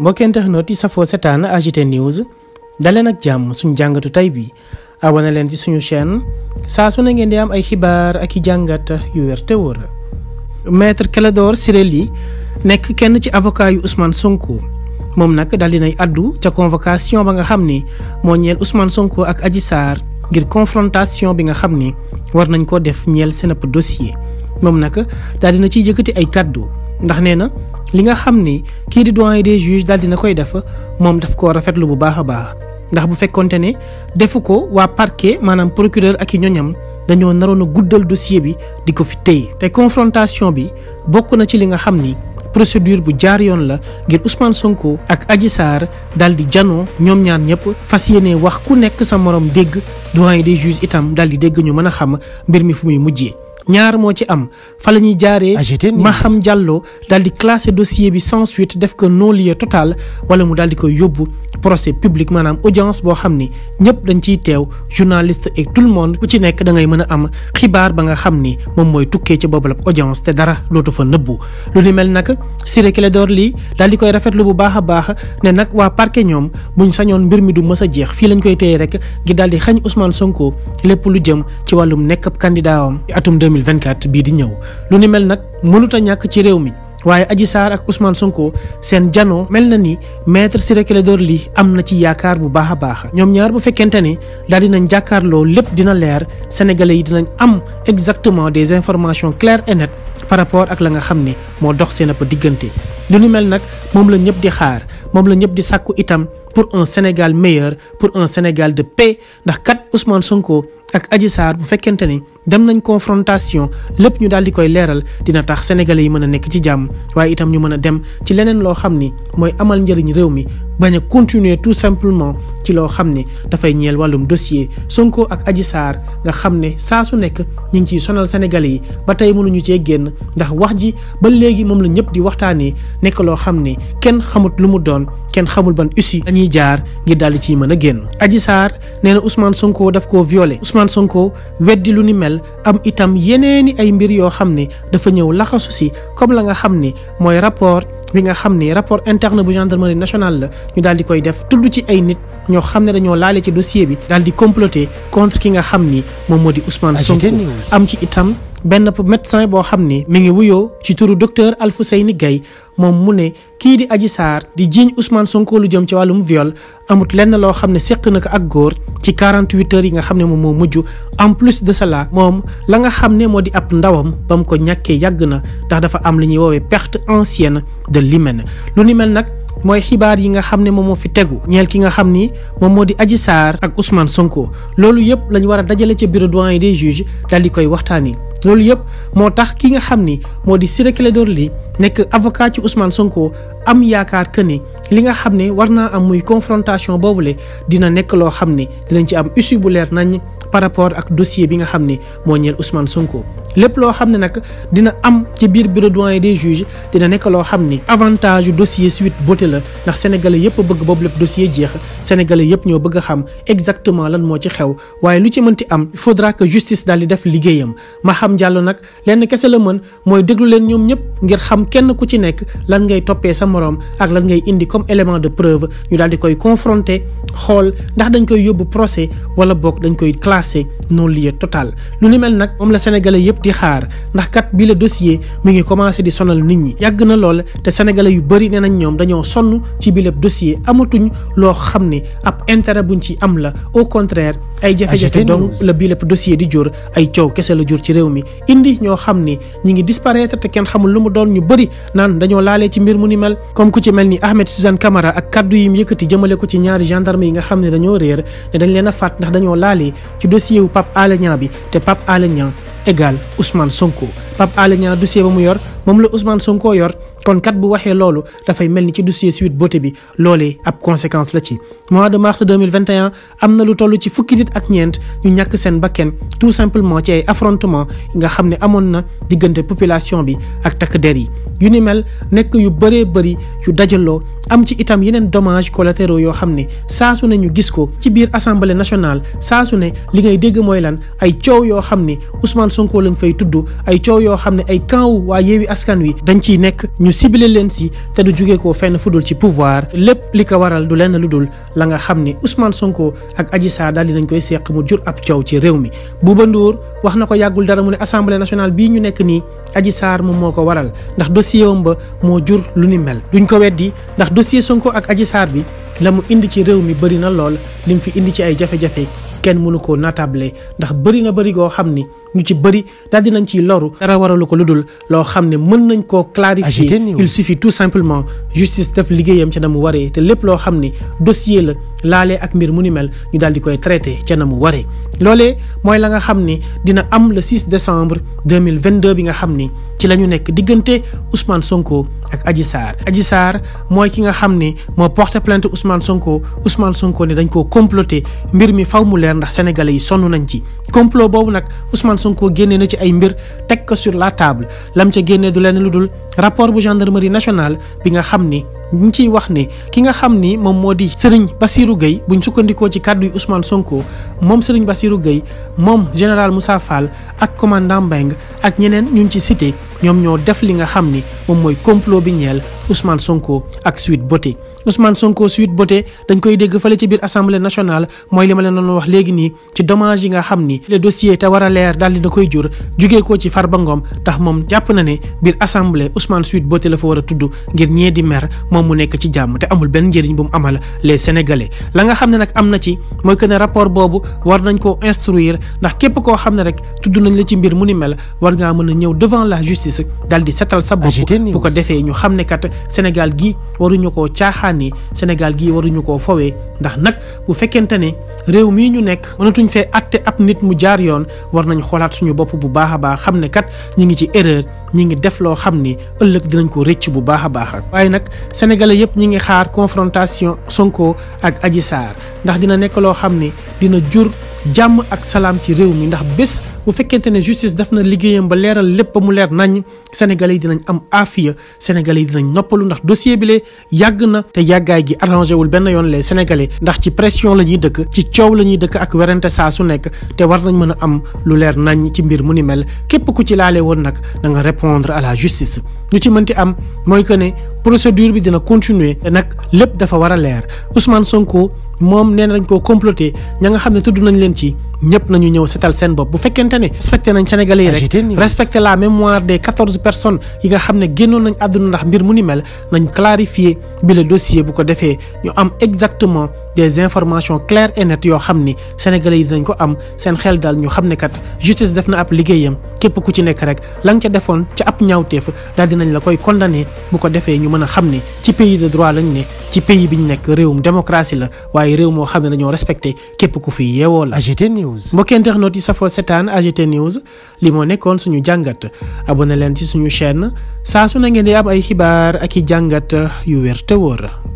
mbokk internet yi safoo setaan AGT news daleen ak jàmm suñu jàngatu tey bi abonné leen ci suñu chaine saa su ne ngeen di am ay xibaar ak i jàngat yu wér te wóor. maître Clédor Ciré nekk kenn ci avocat yu Sonko moom nag daal dinay addu ca convocation ba nga xam ni moo ñeel Ousmane Sonko ak Adji Sarr ngir confrontation bi nga xam ni war nañ ko def ñeel seen dossier moom nag dal dina ciy yëkkati ay kàddu ndax nee na. li nga xam ni kii di doyen des juges daal dina koy def moom daf ko rafetlu bu baax a baax ndax bu fekkonte ne defu ko waa parquet maanaam procureur ak i ñoñam dañoo naroon a guddal dossier bi di ko fi tey te confrontation bi bokk na ci li nga xam ni procédure bu jaar yoon la ngir Ousmane Sonko ak aji Sarr daal di janoo ñoom ñaan ñëpp fas yéene wax ku nekk sa morom dégg doyen de juges itam daal di dégg ñu mën a xam mbir mi fu muy mujjee. ñaar moo ci am fa la ñuy ah, ma xam Diallo daal di classé dossier bi sans suite def ko non-lieu total wala mu daal di koy yóbbu procès public maanaam audience boo xam ni ñëpp dañ ciy teew journaliste et tout le monde bu ci nekk da ngay mën a am xibaar ba nga xam ni moom mooy tukkee ci boobu la audience te dara dootu fa nëbbu lu ni mel nag Ciré Clédor Ly daal di koy rafetlu bu baax a baax ne nag waa parquet ñoom buñ sañoon mbir mi du mës a jeex fii lañ koy téye rek ngir daal di xañ Ousmane Sonko lépp lu jëm ci wàllum nekk 2024 bii di ñëw lu ni mel nag mënut a ñàkk ci réew mi waaye Adji Sarr ak Ousmane Sonko seen jano mel na ni maître Ciré Clédor Ly am na ci yaakaar bu baax a baax ñoom ñaar bu fekkente ne daal dinañ jàkkaarloo lépp dina leer sénégalais yi dinañ am exactement des informations claires et nettes par rapport ak la nga xam ne moo dox seen ab diggante. lu ni mel nag moom la ñëpp di xaar moom la ñëpp di sàkku itam pour un Sénégal meilleur pour un Sénégal de paix ndax kat ak Adji saar bu fekkente ni dem nañ confrontation lépp ñu daal di koy leeral dina tax sénégalais yi mën a nekk ci jàmm waaye itam ñu mën a dem ci leneen loo xam ni mooy amal njëriñ réew mi bañ a continuer tout simplement ci loo xam ni dafay ñeel wàllum dossier Sonko ak Adji saar nga xam ne saa su nekk ñu ngi ciy sonal sénégalais yi ba tey mënuñu cee génn ndax wax ji ba léegi moom la ñëpp di waxtaanee nekk loo xam ni kenn xamut lu mu doon kenn xamul ban ussi dañuy jaar ngir daal di ciy mën a génn Adji Sarr nee na Ousmane Sonko koo Ousmane Sonko weddi lu ni mel am itam yeneeni ay mbir yoo xam ne dafa ñëw laxasu si comme la nga xam ne mooy rapport bi nga xam ne rapport interne bu gendarmerie nationale la ñu daal di koy def tudd ci ay nit ñoo xam ne dañoo laale ci dossier bi daal di comploter contre ki nga xam ni moom moo di Ousmane Sonko am ci itam benn médecin boo xam ni mi ngi wuyoo ci turu docteur Alfousseyni Gaye moom mu ne kii di Adji Sarr di jiiñ Ousmane Sonko lu jëm ci wàllum viol amut lenn loo xam ne seq na ko ak góor ci 48 heures yi nga xam ne moom moo mujj en plus de cela moom la nga xam ne moo di ab ndawam ba mu ko ñàkkee yàgg na ndax dafa am li ñuy woowee perte ancienne de l'hymen lu ni mel nag mooy xibaar yi nga xam ne moom moo fi tegu ñeel ki nga xam ni moom moo di Adji Sarr ak Ousmane Sonko loolu yëpp la ñu war a dajale ca bureau doyen des juges daal koy waxtaani loolu yëpp moo tax ki nga xam ni moo di Ciré Clédor Ly nekk avocat ci Ousmane Sonko am yaakaar que ni li nga xam ne war naa am muy confrontation boobu le dina nekk loo xam ni dinañ ci am issue bu leer nañ par rapport ak dossier bi nga xam ni moo ñeel Ousmane Sonko. lépp loo xam ne nag dina am ci biir bureau doyen des juges dina nekk loo xam ni avantage yu dossier Sweet Beauté la ndax sénégalais yëpp bëgg boobu lépp dossier jeex sénégalais yëpp ñoo bëgg a xam exactement lan moo ci xew waaye lu ci mënti am il faudra que justice daal di def liggéeyam ma xam jàll nag lenn kese la mën mooy déglu leen ñoom ñëpp ngir xam kenn ku ci nekk lan ngay toppee sa moroom ak lan ngay indi comme élément de preuve ñu daal di koy confronter xool ndax dañ koy yóbbu procès wala boog dañ koy classé non lieu total lu ni mel nag moom la sénégalais yëpp di xaar ndax kat bi la dossier mi ngi commencé di sonal nit ñi yàgg na lool te sénégalais yu bëri nee nañ ñoom dañoo sonn ci bi lépp dossier amatuñ loo xam ne ab intérêt buñ ci am la au contraire ay jafe-jafe donc la bi lépp dossier di jur ay coow kese la jur ci réew mi indi ñoo xam ne ñi ngi disparaître te kenn xamul lu mu doon ñu bëri naan dañoo laale ci mbir mu ni mel comme ku ci mel ni Ahmed Suzanne Camara ak kaddu yi mu yëkkati jëmale ko ci ñaari gendarme yi nga xam ne dañoo réer ne dañ leen a fàtt ndax dañoo laalee ci dossier wu Pape Alé bi te Pape Alé Niang Ousmane Sonko Pape Alé Niang dossier ba mu yor moom la Ousmane Sonko yor kon kat bu waxee loolu dafay mel ni ci dossier Sweet Beauté bi loolee ab conséquence la ci mois de mars 2021 am na lu toll ci fukki nit ak ñeent ñu ñàkk seen bakken tout simplement ci ay affrontement nga xam ne amoon na diggante population bi ak takk der yi yu ni mel nekk yu bëree bëri yu dajaloo am ci itam yeneen dommages collatéraux yoo xam ne saa su ne ñu gis ko ci biir assemblée nationale saa ne li ngay dégg mooy lan ay coow yoo xam ne Ousmane Sonko lañ fay tudd ay coow yoo xam ne ay camp waa Askan Wi ciblé leen si te du jugee ko fenn fu dul ci pouvoir lépp li ko waral du lenn lu dul la nga xam ni Ousmane Sonko ak aji Sarr daal nañ koy seq mu jur ab coow ci réew mi. Bouba Ndour wax na ko yàggul dara mu ne assemblée nationale bii ñu nekk nii Adji Sarr moom moo ko waral ndax dossier wam ba moo jur lu ni mel duñ ko weddi ndax dossier Sonko ak aji Sarr bi la mu indi ci réew mi bëri na lool lim fi indi ci ay jafe-jafe kenn mënu ko natable ndax bëri na bëri goo xam ni. ñu ci bëri daal dinañ ciy loru dara ko lu dul loo xam ne mën nañ koo clarifier il suffit tout simplement justice def liggéeyam ca na mu waree te lépp loo xam ne dossier la laalee ak mbir mu ni mel ñu daal di koy traité ca na mu waree loolee mooy la nga xam ni dina am le 6 décembre 2022 bi nga xam ni ci la ñu nekk diggante Ousmane Sonko ak aji Sarr aji Sarr mooy ki nga xam ni moo porté plainte Ousmane Sonko Ousmane Sonko ne dañ koo comploté mbir mi faw mu leer ndax sénégalais yi sonn nañ ci Sonko génnee na ci ay mbir teg ko sur la table lam ca génnee du leen lu dul rapport bu gendarmerie nationale bi nga xam ni ñu ciy wax ni ki nga xam ni moom moo di Serigne Bassirou Gueye buñ sukkandikoo ci kàddu yi Ousmane Sonko moom Serigne Bassirou Gueye moom général Moussa Fall ak commandant Mbengue ak ñeneen ñu ci cité. ñoom ñoo def li nga xam ni moom mooy complot bi ñeel Ousmane Sonko ak Sweet Beauté Ousmane Sonko Sweet Beauté dañ koy dégg fële ci biir assemblée nationale mooy li ma leen doon wax léegi nii ci dommage yi nga xam ni le dossier te war a leer daal dina koy jur jugee ko ci ba ngoom tax moom jàpp na ne biir assemblée Ousmane Sweet Beauté la fa war a tudd ngir ñee di mer moom mu nekk ci jàmm te amul benn njëriñ bu mu amal les sénégalais la nga xam ne nag am na ci mooy que ne rapport boobu war nañ koo instruire ndax képp koo xam ne rek tudd nañ la ci mbir mu ni mel war ngaa a ñëw devant la justice gis daal di setal sa bopp bu ko defee ñu xam ne kat Sénégal gi waruñu koo caaxaanee Sénégal gi waruñu koo fowee ndax nag bu fekkente ne réew mii ñu nekk wanatuñ fee atte ab nit mu jaar yoon war nañ xoolaat suñu bopp bu baax a baax xam ne kat ñi ngi ci erreur ñi ngi def loo xam ne ëllëg dinañ ko rëcc bu baax a baax waaye nag sénégalais yëpp ñi ngi xaar confrontation Sonko ak Adji Sarr ndax dina nekk loo xam ne dina jur jàmm ak salaam ci réew mi ndax bés bu fekkente ne justice daf na liggéeyam ba leeral lépp ba mu leer nañ sénégalais yi dinañ am aafiya sénégalais yi dinañ noppalu ndax dossier bi lee yàgg na te yàggaay gi arrangé wul benn yoon les sénégalais ndax ci pression la dëkk ci coow la ñuy dëkk ak werante saa su nekk te war nañ mën a am lu leer nañ ci mbir mu ni mel képp ku ci laale woon nag da nga répondre à la justice lu ci mënti am mooy que ne procédure bi dina continuer nag lépp dafa war a leer Ousmane moom nee nañ koo comploté ña nga xam ne tudd nañ leen nañ ci ñëpp nañu ñëw setal seen bopp bu fekkente ne respecté nañ sénégalais yi rek respecté la mémoire des quatorze personnes yi nga xam ne génnoon nañ àdduna ndax mbir mu ni mel nañ clarifier bi le dossier bu ko defee ñu am exactement des informations claires et nettes yoo xam ni sénégalais yi dinañ ko am seen xel daal ñu xam ne kat justice def na ab liggéeyam képp ku ci nekk rek la nga ca defoon ca ab ñaawteef daal nañ la koy condamné bu ko defee ñu mën a xam ne ci pays de droit lañ nekk réewum démocratie la waaye réew moo xam ne AGT News mbokki internet yi safoo setaan AGT News li moo nekkoon suñu jàngat abonné leen ci suñu chaîne saa su na ngeen di am ay xibaar ak i jàngat yu wér te wóor